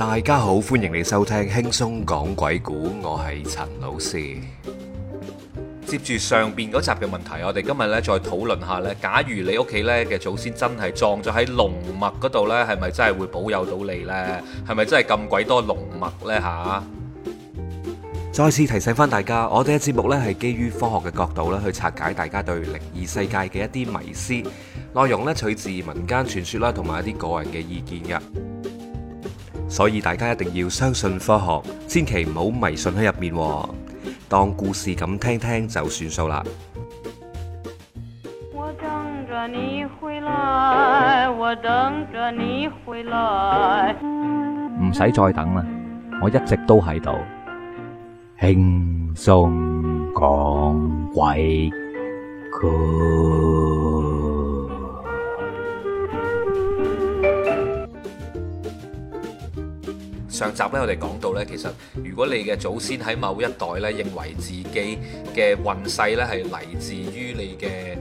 大家好，歡迎你收聽輕鬆講鬼故。我係陳老師。接住上邊嗰集嘅問題，我哋今日咧再討論下咧。假如你屋企咧嘅祖先真係葬咗喺龍脈嗰度咧，係咪真係會保佑到你呢？係咪真係咁鬼多龍脈呢？吓、啊！再次提醒翻大家，我哋嘅節目咧係基於科學嘅角度咧去拆解大家對靈異世界嘅一啲迷思，內容咧取自民間傳說啦，同埋一啲個人嘅意見嘅。所以大家一定要相信科學，千祈唔好迷信喺入面，當故事咁聽聽就算數啦。唔使再等啦，我一直都喺度，輕鬆講鬼故事。上集咧，我哋講到呢，其實如果你嘅祖先喺某一代咧，認為自己嘅運勢咧係嚟自於你嘅，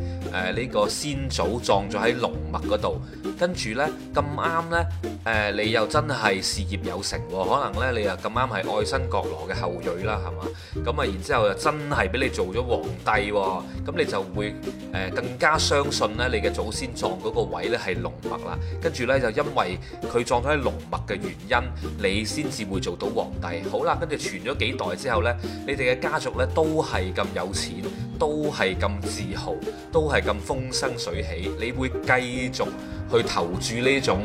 誒呢個先祖葬咗喺龍脈嗰度。跟住咧咁啱咧，誒你又真係事業有成喎，可能咧你又咁啱係愛新覺羅嘅後裔啦，係嘛？咁啊，然之後又真係俾你做咗皇帝喎，咁你就會誒更加相信咧你嘅祖先葬嗰個位咧係龍脈啦。跟住咧就因為佢葬喺龍脈嘅原因，你先至會做到皇帝。好啦，跟住傳咗幾代之後咧，你哋嘅家族咧都係咁有錢，都係咁自豪，都係咁風生水起，你會繼續去投注呢種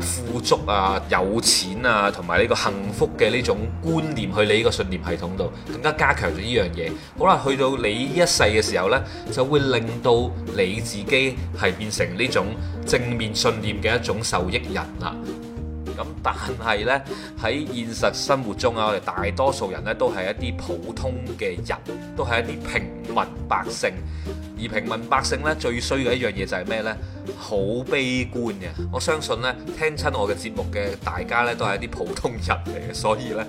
富足啊、有錢啊，同埋呢個幸福嘅呢種觀念，去你呢個信念系統度，更加加強咗呢樣嘢。好啦，去到你一世嘅時候呢，就會令到你自己係變成呢種正面信念嘅一種受益人啦。咁但係呢，喺現實生活中啊，我哋大多數人呢都係一啲普通嘅人，都係一啲平民百姓。而平民百姓呢，最衰嘅一樣嘢就係咩呢？好悲觀嘅，我相信咧，聽親我嘅節目嘅大家咧都係一啲普通人嚟嘅，所以咧，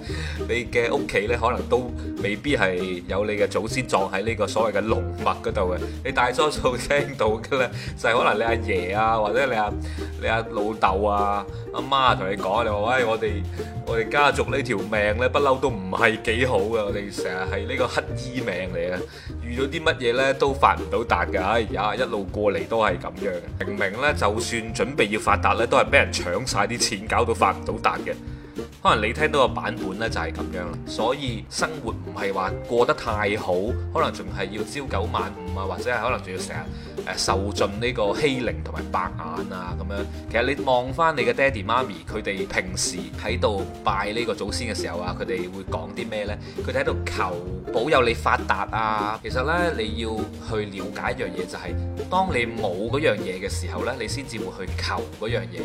你嘅屋企咧可能都未必係有你嘅祖先葬喺呢個所謂嘅龍脈嗰度嘅，你大多數聽到嘅咧就係可能你阿爺啊，或者你阿你阿老豆啊、阿媽同你講，你話，喂，我哋我哋家族呢條命咧，不嬲都唔係幾好嘅，我哋成日係呢個乞衣命嚟嘅，遇到啲乜嘢咧都發唔到達嘅，哎呀，一路過嚟都係咁樣嘅。明明咧，就算準備要發達咧，都係俾人搶晒啲錢，搞到發唔到達嘅。可能你聽到個版本呢，就係咁樣啦，所以生活唔係話過得太好，可能仲係要朝九晚五啊，或者係可能仲要成日受盡呢個欺凌同埋白眼啊咁樣。其實你望翻你嘅爹地媽咪，佢哋平時喺度拜呢個祖先嘅時候啊，佢哋會講啲咩呢？佢哋喺度求保佑你發達啊。其實呢，你要去了解一樣嘢就係，當你冇嗰樣嘢嘅時候呢，你先至會去求嗰樣嘢，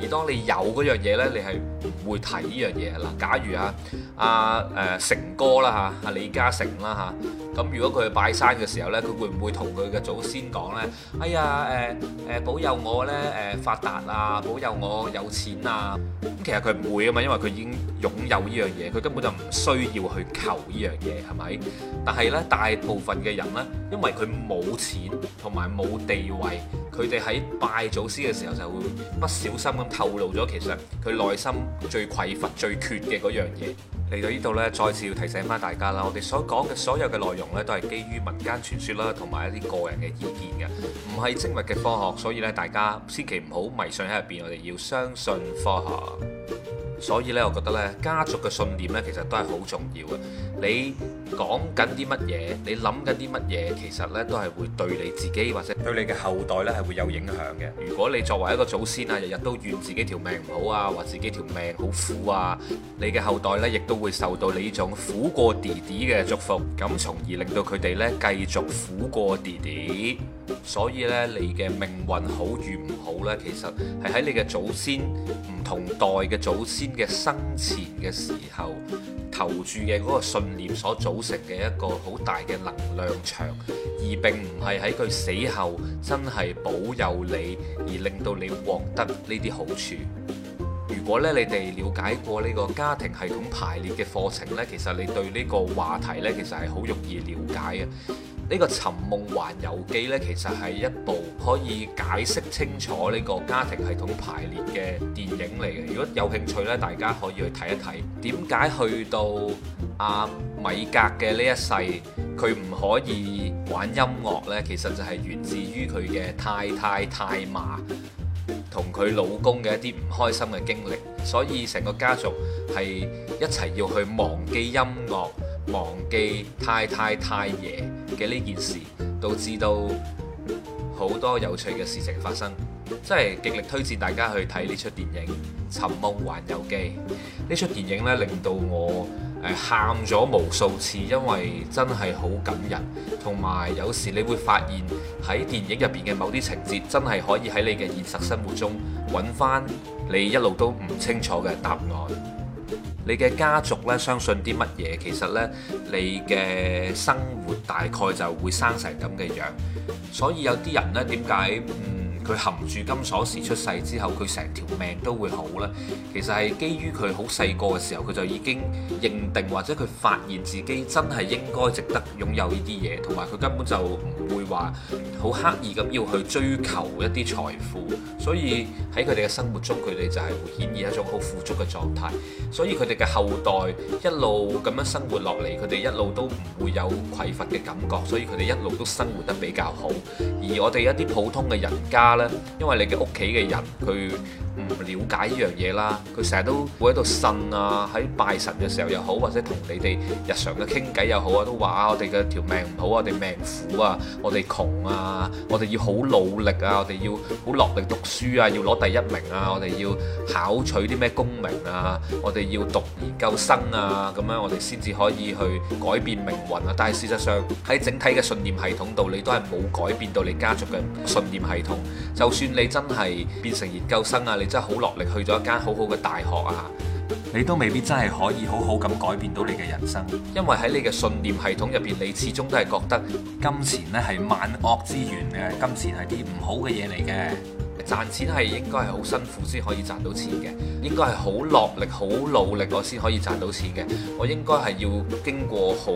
而當你有嗰樣嘢呢，你係唔會。睇呢樣嘢嗱，假如啊阿誒、呃、成哥啦嚇，阿、啊、李嘉誠啦嚇，咁、啊、如果佢去拜山嘅時候呢，佢會唔會同佢嘅祖先講呢？哎呀誒誒、呃，保佑我呢，誒、呃、發達啊，保佑我有錢啊！咁其實佢唔會啊嘛，因為佢已經擁有呢樣嘢，佢根本就唔需要去求呢樣嘢，係咪？但係呢，大部分嘅人呢，因為佢冇錢同埋冇地位。佢哋喺拜祖師嘅時候就會不小心咁透露咗，其實佢內心最匱乏、最缺嘅嗰樣嘢。嚟到呢度呢，再次要提醒翻大家啦，我哋所講嘅所有嘅內容呢，都係基於民間傳說啦，同埋一啲個人嘅意見嘅，唔係精密嘅科學，所以咧大家千祈唔好迷信喺入邊。我哋要相信科學。所以呢，我覺得呢，家族嘅信念呢，其實都係好重要嘅。你。講緊啲乜嘢？你諗緊啲乜嘢？其實咧都係會對你自己或者對你嘅後代咧係會有影響嘅。如果你作為一個祖先啊，日日都怨自己條命唔好啊，話自己條命好苦啊，你嘅後代咧亦都會受到你呢種苦過弟弟嘅祝福，咁從而令到佢哋咧繼續苦過弟弟。所以咧，你嘅命運好與唔好咧，其實係喺你嘅祖先唔同代嘅祖先嘅生前嘅時候，求住嘅嗰個信念所組成嘅一個好大嘅能量場，而並唔係喺佢死後真係保佑你，而令到你獲得呢啲好處。如果咧你哋了解過呢個家庭系統排列嘅課程咧，其實你對呢個話題咧其實係好容易了解嘅。呢、這個《尋夢環遊記》呢，其實係一部可以解釋清楚呢個家庭系統排列嘅電影嚟嘅。如果有興趣呢，大家可以去睇一睇。點解去到阿、啊、米格嘅呢一世，佢唔可以玩音樂呢，其實就係源自於佢嘅太太太嫲同佢老公嘅一啲唔開心嘅經歷，所以成個家族係一齊要去忘記音樂。忘記太太太爺嘅呢件事，導致到好多有趣嘅事情發生，真係極力推薦大家去睇呢出電影《尋夢環遊記》。呢出電影呢，令到我誒喊咗無數次，因為真係好感人。同埋有，有時你會發現喺電影入邊嘅某啲情節，真係可以喺你嘅現實生活中揾翻你一路都唔清楚嘅答案。你嘅家族咧相信啲乜嘢，其實呢，你嘅生活大概就會生成咁嘅樣，所以有啲人呢，點解？佢含住金鎖匙出世之後，佢成條命都會好啦。其實係基於佢好細個嘅時候，佢就已經認定或者佢發現自己真係應該值得擁有呢啲嘢，同埋佢根本就唔會話好刻意咁要去追求一啲財富。所以喺佢哋嘅生活中，佢哋就係會顯現一種好富足嘅狀態。所以佢哋嘅後代一路咁樣生活落嚟，佢哋一路都唔會有匱乏嘅感覺，所以佢哋一路都生活得比較好。而我哋一啲普通嘅人家，咧，因為你嘅屋企嘅人佢，唔了解呢樣嘢啦，佢成日都會喺度呻啊，喺拜神嘅時候又好，或者同你哋日常嘅傾偈又好啊，都話啊，我哋嘅條命唔好，我哋命苦啊，我哋窮啊，我哋要好努力啊，我哋要好落力讀書啊，要攞第一名啊，我哋要考取啲咩功名啊，我哋要讀研究生啊，咁樣我哋先至可以去改變命運啊。但係事實上喺整體嘅信念系統度，你都係冇改變到你家族嘅信念系統，就算你真係變成研究生啊，你真係好落力去咗一間好好嘅大學啊！你都未必真係可以好好咁改變到你嘅人生，因為喺你嘅信念系統入邊，你始終都係覺得金錢呢係萬惡之源嘅，金錢係啲唔好嘅嘢嚟嘅。賺錢係應該係好辛苦先可以賺到錢嘅，應該係好落力、好努力我先可以賺到錢嘅，我應該係要經過好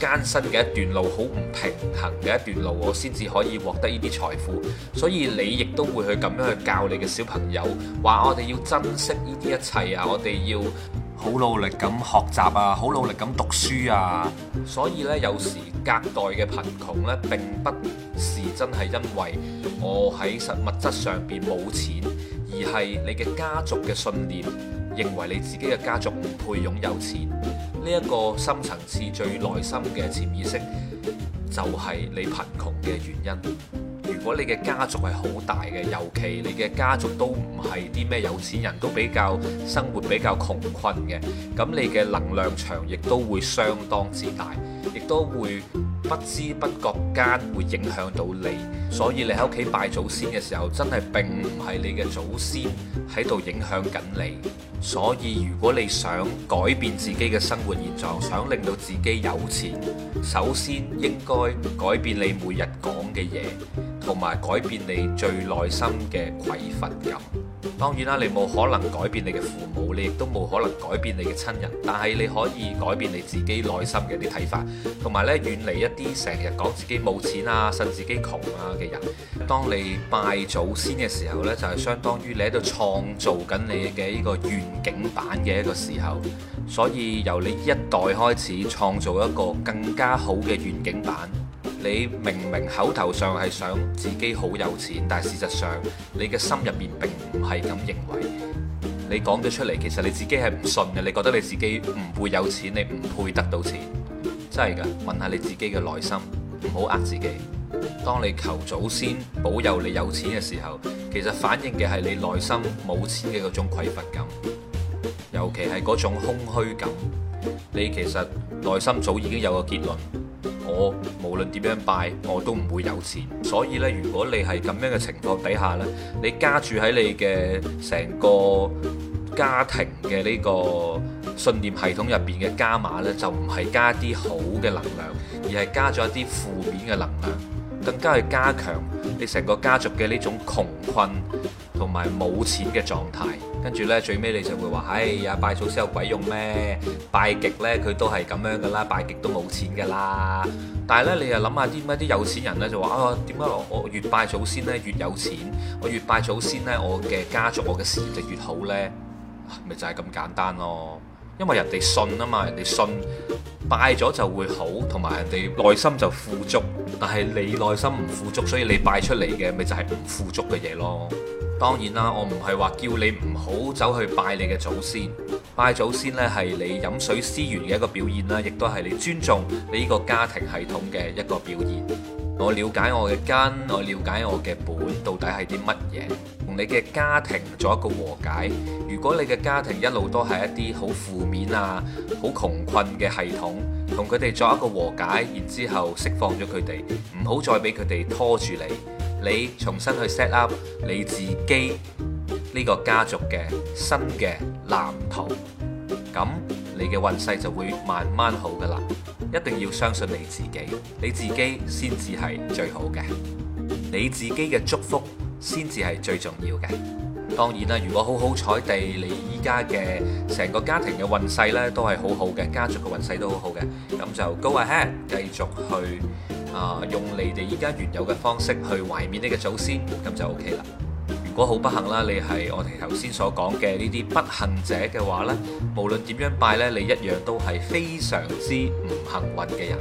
艱辛嘅一段路、好唔平衡嘅一段路，我先至可以獲得呢啲財富。所以你亦都會去咁樣去教你嘅小朋友，話我哋要珍惜呢啲一切啊，我哋要好努力咁學習啊，好努力咁讀書啊。所以呢，有時。隔代嘅貧窮咧，並不是真係因為我喺實物質上邊冇錢，而係你嘅家族嘅信念認為你自己嘅家族唔配擁有錢，呢、這、一個深層次最內心嘅潛意識就係、是、你貧窮嘅原因。如果你嘅家族係好大嘅，尤其你嘅家族都唔係啲咩有錢人，都比較生活比較窮困嘅，咁你嘅能量場亦都會相當之大，亦都會不知不覺間會影響到你。所以你喺屋企拜祖先嘅時候，真係並唔係你嘅祖先喺度影響緊你。所以如果你想改變自己嘅生活現狀，想令到自己有錢，首先應該改變你每日講嘅嘢。同埋改變你最內心嘅匱乏感。當然啦，你冇可能改變你嘅父母，你亦都冇可能改變你嘅親人。但係你可以改變你自己內心嘅啲睇法，同埋咧遠離一啲成日講自己冇錢啊、信自己窮啊嘅人。當你拜祖先嘅時候呢，就係、是、相當於你喺度創造緊你嘅依個願景版嘅一個時候。所以由你一代開始創造一個更加好嘅願景版。你明明口頭上係想自己好有錢，但係事實上你嘅心入面並唔係咁認為。你講咗出嚟，其實你自己係唔信嘅。你覺得你自己唔會有錢，你唔配得到錢，真係㗎。問下你自己嘅內心，唔好呃自己。當你求祖先保佑你有錢嘅時候，其實反映嘅係你內心冇錢嘅嗰種匱乏感，尤其係嗰種空虛感。你其實內心早已經有個結論。我無論點樣拜，我都唔會有錢。所以呢，如果你係咁樣嘅情況底下呢，你加住喺你嘅成個家庭嘅呢個信念系統入邊嘅加碼呢，就唔係加啲好嘅能量，而係加咗一啲負面嘅能量，更加係加強你成個家族嘅呢種窮困。同埋冇錢嘅狀態，跟住呢，最尾你就會話，哎呀，拜祖先有鬼用咩？拜極呢，佢都係咁樣噶啦，拜極都冇錢噶啦。但係呢，你又諗下啲點解啲有錢人呢，就話，啊，點解我越拜祖先呢越有錢？我越拜祖先呢我嘅家族我嘅事業就越好呢？咪就係咁簡單咯，因為人哋信啊嘛，人哋信拜咗就會好，同埋人哋內心就富足。但係你內心唔富足，所以你拜出嚟嘅咪就係唔富足嘅嘢咯。當然啦，我唔係話叫你唔好走去拜你嘅祖先，拜祖先呢係你飲水思源嘅一個表現啦，亦都係你尊重你呢個家庭系統嘅一個表現。我了解我嘅根，我了解我嘅本，到底係啲乜嘢，同你嘅家庭作一個和解。如果你嘅家庭一路都係一啲好負面啊、好窮困嘅系統，同佢哋作一個和解，然之後釋放咗佢哋，唔好再俾佢哋拖住你。你重新去 set up 你自己呢個家族嘅新嘅藍圖，咁你嘅運勢就會慢慢好噶啦。一定要相信你自己，你自己先至係最好嘅，你自己嘅祝福先至係最重要嘅。當然啦，如果好好彩地，你依家嘅成個家庭嘅運勢咧都係好好嘅，家族嘅運勢都好好嘅，咁就 go ahead 繼續去。啊！用你哋依家原有嘅方式去懷念你嘅祖先，咁就 OK 啦。如果好不幸啦，你係我哋頭先所講嘅呢啲不幸者嘅話呢，無論點樣拜呢，你一樣都係非常之唔幸運嘅人。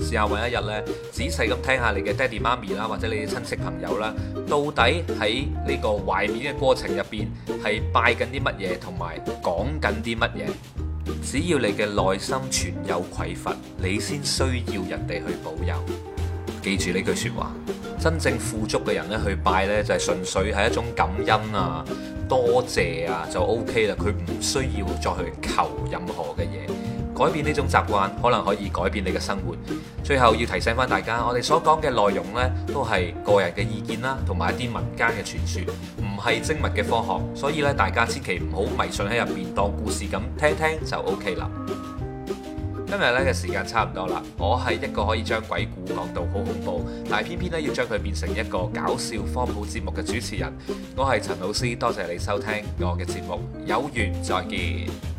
試下揾一日呢，仔細咁聽下你嘅爹地媽咪啦，或者你嘅親戚朋友啦，到底喺呢個懷念嘅過程入邊，係拜緊啲乜嘢，同埋講緊啲乜嘢。只要你嘅內心存有匱乏，你先需要人哋去保佑。記住呢句說話，真正富足嘅人咧去拜咧就係、是、純粹係一種感恩啊、多謝啊就 OK 啦。佢唔需要再去求任何嘅嘢。改變呢種習慣，可能可以改變你嘅生活。最後要提醒翻大家，我哋所講嘅內容呢，都係個人嘅意見啦，同埋一啲民間嘅傳說，唔係精密嘅科學，所以咧大家千祈唔好迷信喺入邊，當故事咁聽聽就 OK 啦。今日呢嘅時間差唔多啦，我係一個可以將鬼故講到好恐怖，但係偏偏呢，要將佢變成一個搞笑科普節目嘅主持人，我係陳老師，多謝你收聽我嘅節目，有緣再見。